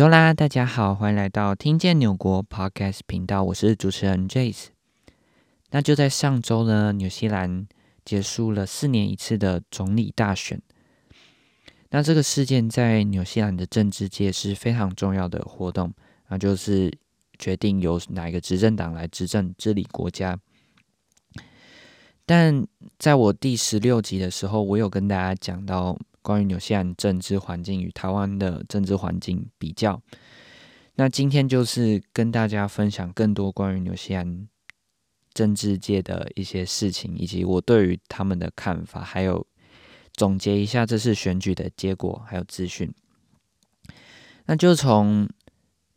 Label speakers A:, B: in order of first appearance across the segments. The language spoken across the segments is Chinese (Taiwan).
A: 哈嘍大家好，歡迎來到聽見紐國 Podcast 頻道，我是主持人 Jace。那就在上週呢，紐西蘭結束了四年一次的總理大選。那這個事件在紐西蘭的政治界是非常重要的活動，那就是決定由哪一個執政黨來執政治理國家。但在我第十六集的時候，我有跟大家講到。關於紐西蘭政治環境與台灣的政治環境比較，那今天就是跟大家分享更多關於紐西蘭政治界的一些事情，以及我對於他們的看法，還有總結一下這次選舉的結果還有資訊。那就從，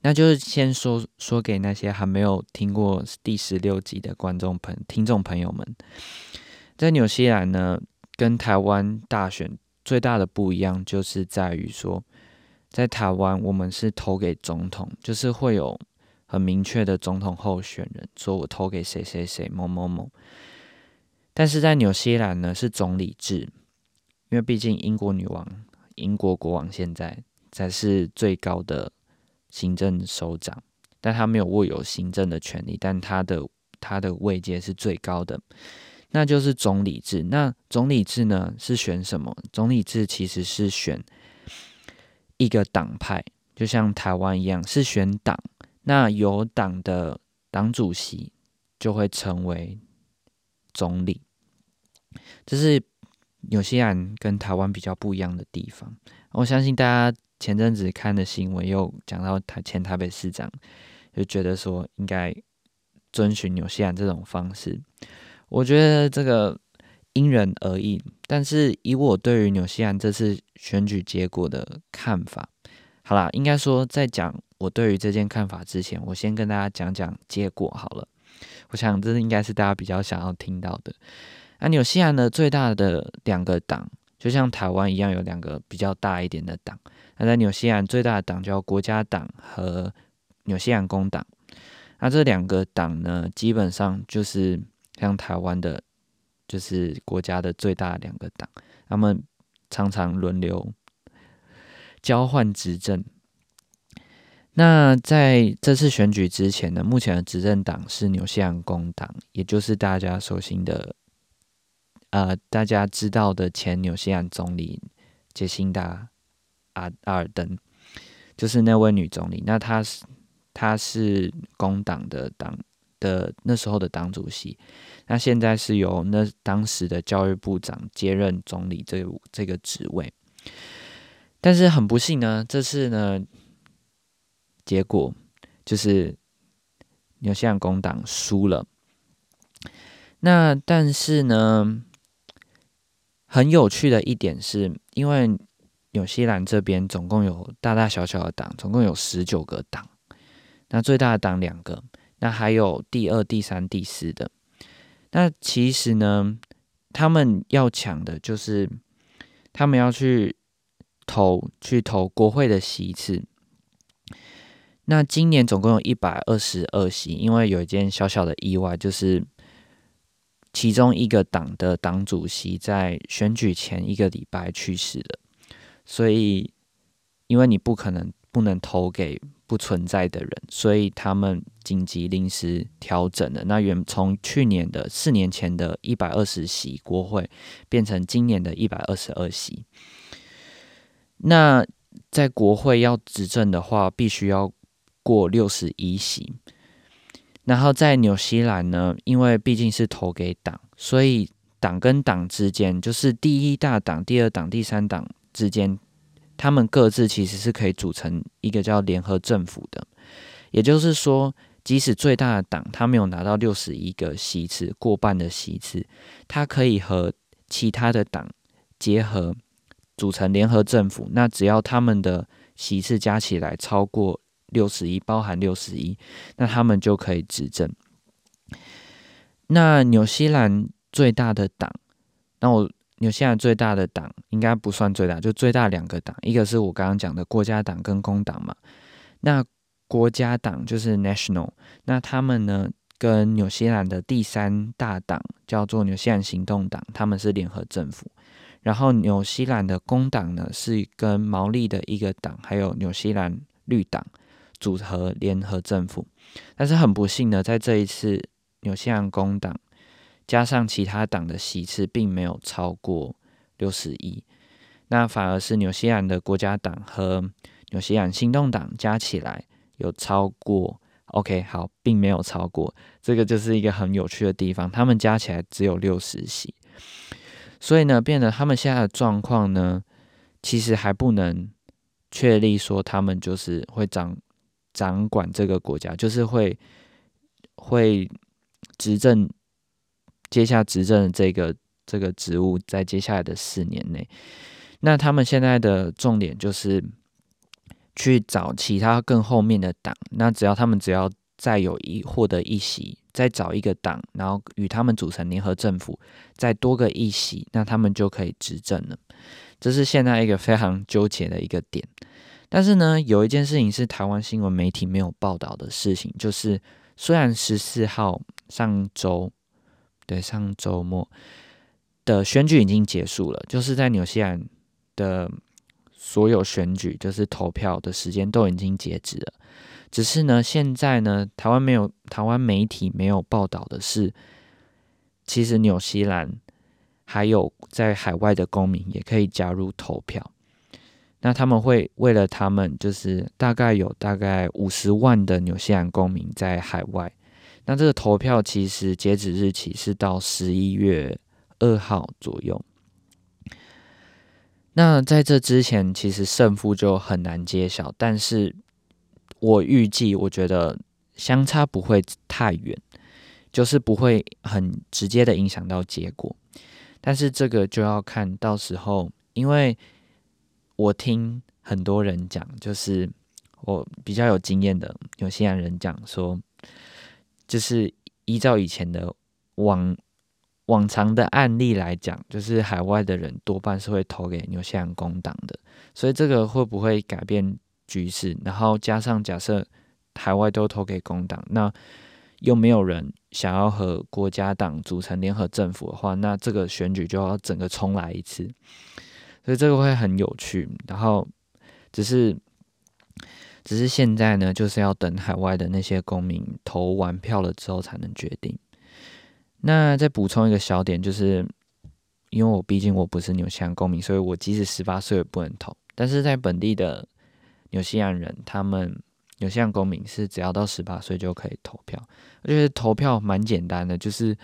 A: 那就是先說說給那些還沒有聽過第十六集的觀眾朋聽眾朋友們，在紐西蘭呢，跟台灣大選。最大的不一樣就是在於說，在台灣我們是投給總統，就是會有很明確的總統候選人，說我投給誰誰誰某某某。但是在紐西蘭呢是總理制，因為畢竟英國女王、英國國王現在才是最高的行政首長，但他沒有握有行政的權力，但他的他的位階是最高的。那就是總理制。那總理制呢？是選什麼？總理制其實是選一個黨派，就像台灣一樣，是選黨。那有黨的黨主席就會成為總理。這是紐西蘭跟台灣比較不一樣的地方。我相信大家前陣子看的新聞，又講到前台北市長，就覺得說應該遵循紐西蘭這種方式。我覺得這個因人而異，但是以我對於紐西蘭這次選舉結果的看法，好啦，應該說在講我對於這件看法之前，我先跟大家講講結果好了。我想這應該是大家比較想要聽到的。那紐西蘭呢，最大的兩個黨就像台灣一樣，有兩個比較大一點的黨。那在紐西蘭最大的黨叫國家黨和紐西蘭工黨。那這兩個黨呢，基本上就是。像台灣的，就是國家的最大兩個黨，他們常常輪流交換執政。那在這次選舉之前呢，目前的執政黨是紐西蘭工黨，也就是大家所熟悉的，呃，大家知道的前紐西蘭總理杰辛達阿阿爾登，就是那位女總理。那她是她是工黨的黨。的那時候的黨主席，那現在是由那當時的教育部長接任總理這個、這個職位，但是很不幸呢，這次呢，結果就是紐西蘭工黨輸了。那但是呢，很有趣的一點是，因為紐西蘭這邊總共有大大小小的黨，總共有十九個黨，那最大的黨兩個。那還有第二、第三、第四的。那其實呢，他們要搶的就是他們要去投，去投國會的席次。那今年總共有一百二十二席，因為有一件小小的意外，就是其中一個黨的黨主席在選舉前一個禮拜去世了，所以因為你不可能不能投給。不存在的人，所以他們緊急臨時調整了。那原從去年的四年前的一百二十席國會，變成今年的一百二十二席。那在國會要執政的話，必須要過六十一席。然後在紐西蘭呢，因為畢竟是投給黨，所以黨跟黨之間，就是第一大黨、第二黨、第三黨之間。他們各自其實是可以組成一個叫聯合政府的，也就是說，即使最大的黨他沒有拿到六十一個席次，過半的席次，他可以和其他的黨結合組成聯合政府。那只要他們的席次加起來超過六十一，包含六十一，那他們就可以執政。那紐西蘭最大的黨，那我。紐西蘭最大的黨應該不算最大，就最大兩個黨，一個是我剛剛講的國家黨跟工黨嘛。那國家黨就是 National，那他們呢，跟紐西蘭的第三大黨叫做紐西蘭行動黨，他們是聯合政府。然後紐西蘭的工黨呢是跟毛利的一個黨還有紐西蘭綠黨組合聯合政府。但是很不幸呢，在這一次紐西蘭工黨。加上其他黨的席次並沒有超過六十一，那反而是紐西蘭的國家黨和紐西蘭行動黨加起來有超過 OK 好，並沒有超過，這個就是一個很有趣的地方，他們加起來只有六十席，所以呢，變得他們現在的狀況呢，其實還不能確立說他們就是會掌掌管這個國家，就是會會執政。接下來執政的這個這個職務，在接下來的四年內，那他們現在的重點就是去找其他更後面的黨。那只要他們只要再有一獲得一席，再找一個黨，然後與他們組成聯合政府，再多個一席，那他們就可以執政了。這是現在一個非常糾結的一個點。但是呢，有一件事情是台灣新聞媒體沒有報道的事情，就是雖然十四號上周。對，上週末的選舉已經結束了，就是在紐西蘭的所有選舉，就是投票的時間都已經截止了。只是呢，現在呢，台灣沒有台灣媒體沒有報道的是，其實紐西蘭還有在海外的公民也可以加入投票。那他們會為了他們，就是大概有大概五十萬的紐西蘭公民在海外。那這個投票其實截止日期是到十一月二號左右。那在這之前，其實勝負就很難揭曉。但是我預計，我覺得相差不會太遠，就是不會很直接的影響到結果。但是這個就要看到時候，因為我聽很多人講，就是我比較有經驗的，有些人講說。就是依照以前的往往常的案例來講，就是海外的人多半是會投給紐西蘭工黨的，所以這個會不會改變局勢？然後加上假設海外都投給工黨，那又沒有人想要和國家黨組成聯合政府的話，那這個選舉就要整個重來一次，所以這個會很有趣。然後只是。只是現在呢，就是要等海外的那些公民投完票了之後才能決定。那再補充一個小點，就是因為我畢竟我不是紐西蘭公民，所以我即使十八歲也不能投。但是在本地的紐西蘭人，他們紐西蘭公民是只要到十八歲就可以投票。我覺得投票蠻簡單的，就是。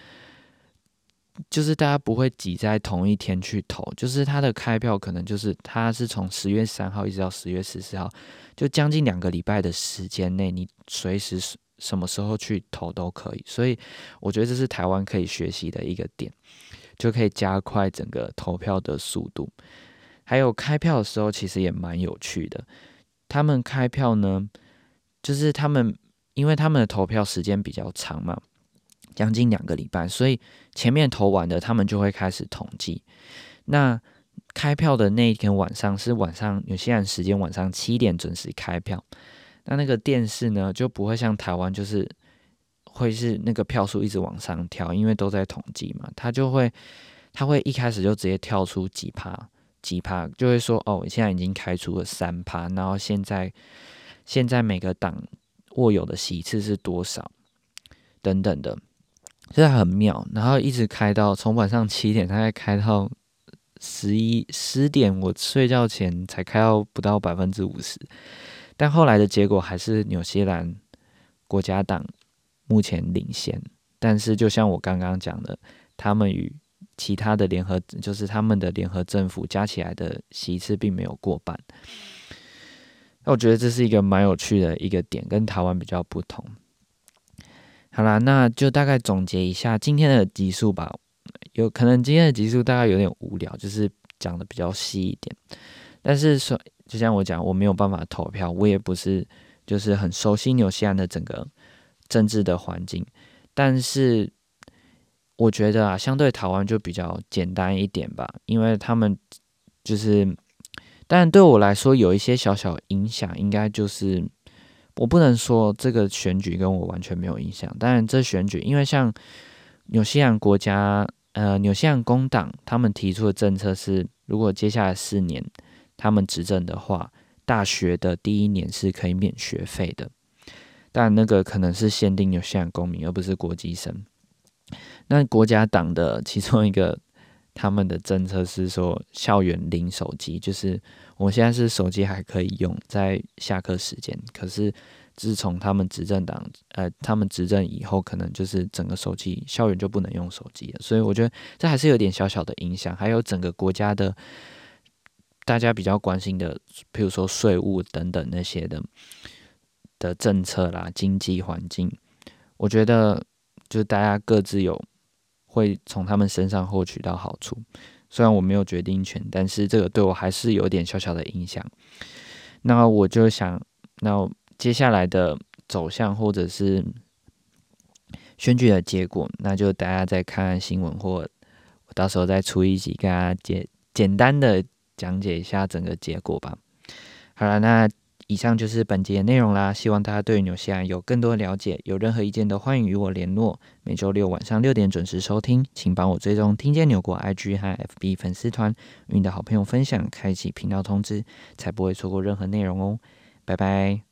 A: 就是大家不會擠在同一天去投，就是它的開票可能就是，它是從十月三號一直到十月十四號，就將近兩個禮拜的時間內，你隨時什麼時候去投都可以。所以我覺得這是台灣可以學習的一個點，就可以加快整個投票的速度。還有開票的時候其實也蠻有趣的，他們開票呢，就是他們因為他們的投票時間比較長嘛。將近兩個禮拜，所以前面投完的他們就會開始統計。那開票的那一天晚上是晚上，有些人時間晚上七點準時開票。那那個電視呢就不會像台灣，就是會是那個票數一直往上跳，因為都在統計嘛。他就會他會一開始就直接跳出幾趴幾趴，就會說：“哦，現在已經開出了三趴。”然後現在現在每個黨握有的席次是多少？等等的。其實很妙，然後一直開到從晚上七點，大概開到十一十點，我睡覺前才開到不到百分之五十。但後來的結果還是紐西蘭國家黨目前領先，但是就像我剛剛講的，他們與其他的聯合，就是他們的聯合政府加起來的席次並沒有過半。那我覺得這是一個蠻有趣的一個點，跟台灣比較不同。好啦，那就大概總結一下今天的集數吧。有可能今天的集數大概有點無聊，就是講的比較細一點。但是說，就像我講，我沒有辦法投票，我也不是就是很熟悉紐西蘭的整個政治的環境。但是我覺得啊，相對台灣就比較簡單一點吧，因為他們就是，但對我來說有一些小小影響，應該就是。我不能說這個選舉跟我完全沒有影響，當然這選舉，因為像紐西蘭國家，呃，紐西蘭工黨他們提出的政策是，如果接下來四年他們執政的話，大學的第一年是可以免學費的，但那個可能是限定紐西蘭公民，而不是國際生。那國家黨的其中一個他們的政策是說，校園零手機，就是。我現在是手機還可以用，在下課時間。可是自從他們執政黨呃，他們執政以後，可能就是整個手機校園就不能用手機了。所以我覺得這還是有點小小的影響。還有整個國家的大家比較關心的，譬如說稅務等等那些的的政策啦、經濟環境，我覺得就是大家各自有會從他們身上獲取到好處。雖然我沒有決定權，但是這個對我還是有點小小的影響。那我就想，那接下來的走向或者是選舉的結果，那就大家再看看新聞或我到時候再出一集，跟大家簡簡單的講解一下整個結果吧。好了，那。以上就是本集的內容啦，希望大家對紐西蘭有更多的了解。有任何意見都歡迎與我聯絡。每周六晚上六點準時收聽，請幫我追蹤聽見紐國 IG 和 FB 粉絲團，與你的好朋友分享，開啟頻道通知，才不會錯過任何內容哦。拜拜。